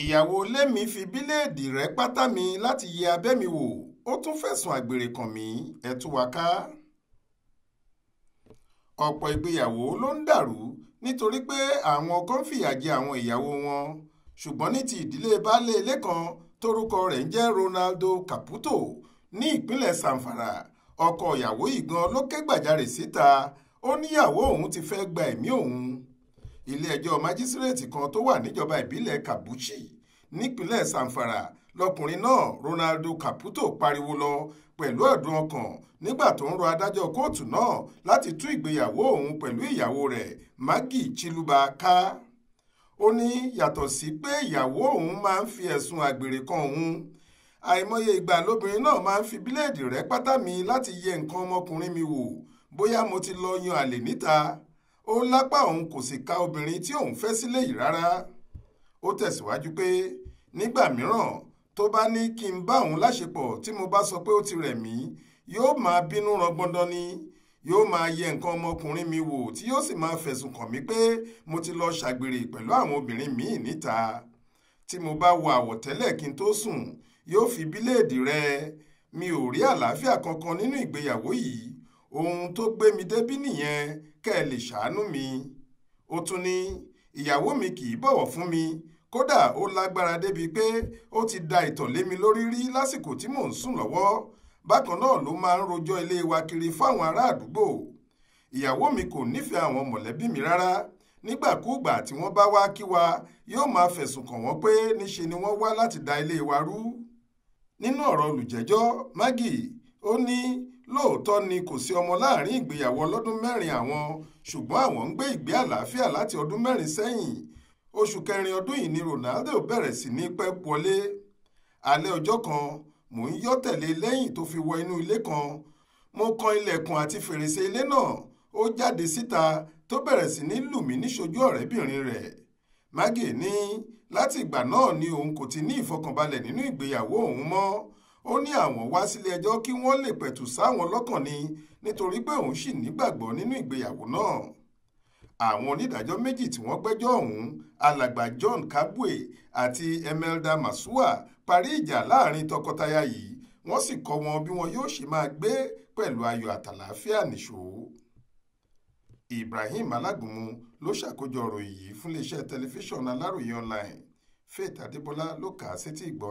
ìyàwó ilé mi fi bíléèdì rẹ̀ pátá mi láti yẹ abẹ́ mi wò ó tún fẹ̀sùn àgbèrè kàn mí ẹ tú wa ká ọ̀pọ̀ ìgbéyàwó ló ń dàrú nítorí pé àwọn kan fìyà jẹ àwọn ìyàwó wọn ṣùgbọ́n ní ti ìdílé baálé ilé kan tórúkọ rẹ̀ ń jẹ́ Ronaldo Caputo ní ìpínlẹ̀ Sanfara ọkọ ìyàwó yìí gan ló ké gbàjarè síta ó níyàwó òun ti fẹ́ gba ẹ̀mí òun ilé-ẹjọ́ májísírèètì kan tó wà níjọba ìbílẹ̀ kabuchi nípínlẹ̀ sanfara lọkùnrin náà ronaldo caputo pariwo lọ pẹ̀lú ẹ̀dùn ọkàn nígbà tó ń rọ adájọ́ kóòtù náà láti tú ìgbéyàwó òun pẹ̀lú ìyàwó rẹ̀ maggie chiluba ká ó ní yàtọ̀ sí pé ìyàwó òun máa ń fi ẹ̀sùn àgbèrè kan òun àìmọye ìgbà lóbìnrin náà máa ń fi bíléèdì rẹ́ pátá mi láti yẹ nǹkan ọmọkùnrin mi wò bóyá mo ti lọ yan àlè níta ó lápá òun kò sì ka obìnrin tí òun fẹ́ sílé yìí rárá ó tẹ̀síwájú pé nígbà mìíràn tó bá ní kí n bá òun láṣepọ̀ tí mo bá sọ pé ó ti rẹ̀ mí yóò máa bínú rangbọ́ndán ni yóò máa yẹ nǹkan ọmọkùnrin mi wò tí yóò sì máa fẹ̀sùn kàn mí pé mo ti lọ ṣàgbèrè pẹ̀lú àwọn obìnrin míì níta tí mo bá wọ àwọ̀tẹ́lẹ̀ kí n tó sùn yóò fi bíléèdì rẹ mi ò rí àlàáfíà kankan nínú ìgbéyàwó yìí ohun tó gbé mi débí nìyẹn kẹ́ ẹ lè ṣàánú mi ó tún ní ìyàwó mi kì í bọ̀wọ̀ fún mi kódà ó lágbára débi pé ó ti da ìtàn lé mi lórí rí lásìkò tí mò ń sùn lọ́wọ́ bákan náà ló máa ń rojọ́ ilé wa kiri fáwọn ará àdúgbò ìyàwó mi kò nífẹ̀ẹ́ àwọn mọ̀lẹ́bí mi rárá nígbàkúùgbà tí wọ́n bá wá kí wa yóò máa fẹ̀sùn kàn wọ́n pé níṣe ni wọ́n wá láti da ilé wa rú nínú ọ̀rọ̀ olùjẹ́jọ́ Maggie ó ní lóòótọ́ ni kò sí ọmọ láàrin ìgbéyàwó ọlọ́dún mẹ́rin àwọn ṣùgbọ́n àwọn ń gbé ìgbé àlàáfíà láti ọdún mẹ́rin sẹ́yìn oṣù kẹrin ọdún yìí ni Ronaldo bẹ̀rẹ̀ sí ní pẹ́ wọlé alẹ́ ọjọ́ kan mò ń yọ́ tẹ̀lé lẹ́yìn tó fi wọ inú ilé kan mo kan ilẹ̀kùn àti fèrèsé ilé náà ó jáde síta tó bẹ̀rẹ̀ sí ní lù mí níṣojú ọ̀rẹ́bìnrin rẹ̀ Maggie ní láti ìgbà náà ni òun kò ti ní ìfọkànbalẹ̀ nínú ìgbéyàwó òun mọ́ ó ní àwọn wá sílé ẹjọ́ kí wọ́n lè pẹ̀tù sáwọn lọ́kàn ni nítorí pé òun sì nígbàgbọ́ nínú ìgbéyàwó náà àwọn onídàájọ́ méjì tí wọ́n gbẹ́jọ́ ọ̀hún alàgbà John Kabwe àti Emelda Masua parí ìjà láàrin tọkọtaya yìí wọ́n sì kọ́ wọn bí wọn yóò ṣe máa gbé pẹ̀lú ayọ̀ àtàlàáfíà nìṣó Ibrahim Alágúnmu ló ṣàkójọ ọ̀rọ̀ yìí fún iléeṣẹ́ tẹlifíṣàn Aláròye online Faith Adébọlá ló kà á sétí ìgbọ́